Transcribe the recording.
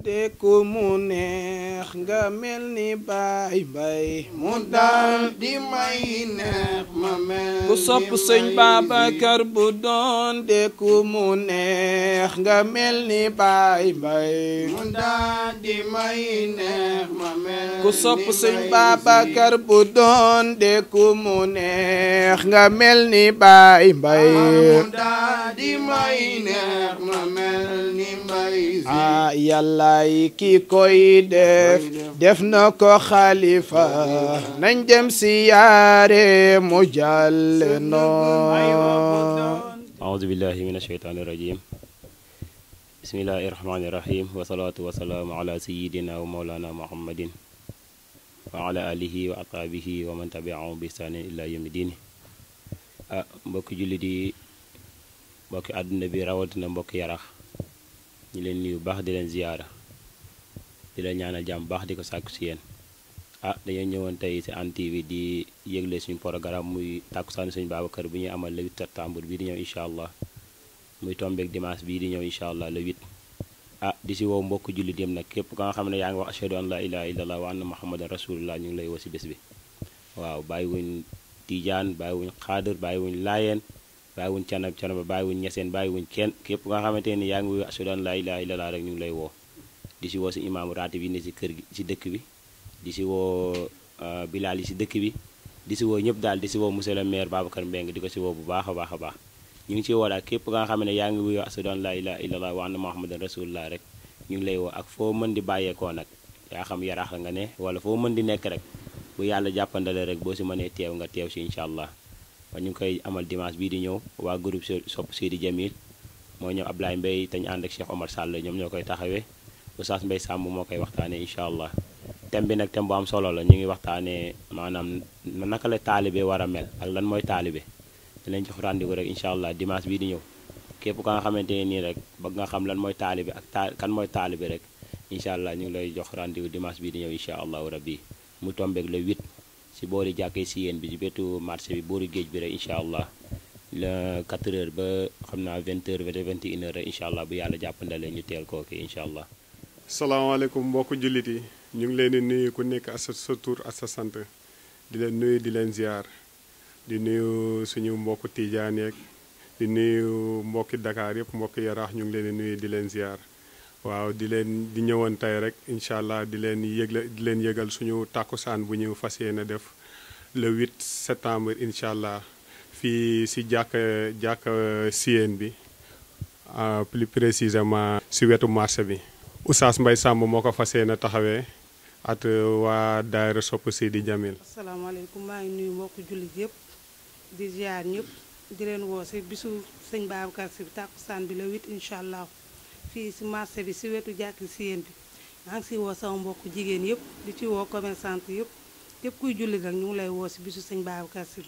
de ku mu neex nga mel ni baay mbay mu daal di may neex ma mel ku sopp sëñ Babacar bu doon de ku mu neex nga mel ni baay mbay mu daal di may neex nga mel ni baay ah yàllaay ki koy def def na ko xalifa nañ dem siyaare mu jàll noon أعوذ بالله من الشيطان الرجيم بسم الله الرحمن الرحيم والصلاة والسلام على سيدنا ومولانا محمد وعلى آله وأصحابه ومن تبعهم بإحسان إلى يوم الدين mbokki jullit yi mbokki àdduna bi rawatina mbokki yarax ñu leen nuyu baax di leen ziyaara di la ñaanal jàmm baax di ko sàkku si yéen a ah, dañoo ñëwoon tey si Hann TV di yëgle suñu programme muy tàkku tàkkusaanu suñu kër bi ñuy amal le 8 septembre bii di ñëw incha allah muy tombeeg dimanche bii di ñëw incha allah le 8 ah di si wow mbokk julli dem nag képp ka nga xam ne yaa ngi wax ashhadu an la ilaha illallah wa anna muhammadan rasulullah ñu ngi lay woo si bés bi waaw bàyyi wuñ tijaan bàyyi wuñ xaadir bàyyi wuñ laayeen bàyyiwuñ canab canaba bàyyiwuñ ñeseen bàyyiwuñ kenn képp nga xamante ni yaa ngi wuyu ashhadu an laa ilaaha illallaah rek ñu ngi lay woo di si woo si imaamu raatib yi ne si kër gi si dëkk bi di si woo uh, bilaal yi si dëkk bi di si woo ñëpp daal di si woo monsieur le maire Babacar Mbengue di ko si woo bu baax a baax a baax ñu ngi ciy woo daal képp nga xam ne yaa ngi wuyu ashhadu an laa ilaaha illallaah wa anna muhammadan rasulullah rek ñu ngi lay woo ak foo mën di bàyyeekoo nag yaa xam yaraax nga ne wala foo mën di nekk rek bu yàlla jàppandale rek boo si mënee teew nga teew si incha allah ñu ngi koy amal dimanche bii di ñëw waa groupe sopp Seydi Djamil moo ñëw Ablaye Mbaye te ñu ànd ak Cheikh Omar Sall ñoom ñoo koy taxawee Oustaz Mbaye sàmm moo koy waxtaanee incha allah thème bi nag tem bu am solo la ñu ngi waxtaanee maanaam naka la taalibee wara mel ak lan mooy taalibe dinañ jox rendez-vous rek incha allah dimanche bii di ñëw képp ka nga xamante ne nii rek bëgg nga xam lan mooy taalibe ak ta kan mooy taalibe rek incha allah ñu ngi lay jox rendez-vous dimanche bii di ñëw incha allahu rabbi mu tombeeg le 8. ci boori jàkke si yéen bi ci bétu marché bi boori géej bi rek incha allah le quatre heures ba xam naa vingt heures vingt vingt une heure rek incha allah bu yàlla jàppandale ñu teel kooke incha allah salaamaaleykum mbokk jullit yi ñu ngi leen di nuyu ku nekk asa sa tour ak sa sant di leen nuyu di leen ziar di nuyu suñu mbokk tijaan yeeg di nuyu mbokki dakar yëpp mbokki yaraax ñu ngi leen nuyu di leen ziar waaw di leen di ñëwoon tey rek incha allah di leen yëgle di leen yëgal suñu tàkkusaan bu ñu fas yéene def le 8 septembre incha allah fii si jàkk jàkk siyeen bi ah, plus précisément si wetu marché bi Oustaz mbay sàmm moo ko fas yéene taxawee at waa daayira sopp Seydi Jamil asalaamaaleykum maa ngi nuyu mbokku jullit yëpp di ziar ñëpp di leen woo si bisu sëñ Babacar si tàkkusaan bi le 8 incha allah fii si marché bi si wetu jàkk si yéen bi maa ngi si woo sama mbokk jigéen yëpp di ci woo commerçante yëpp képp kuy julli rek ñu ngi lay woo si bisu sëñ Babacar Si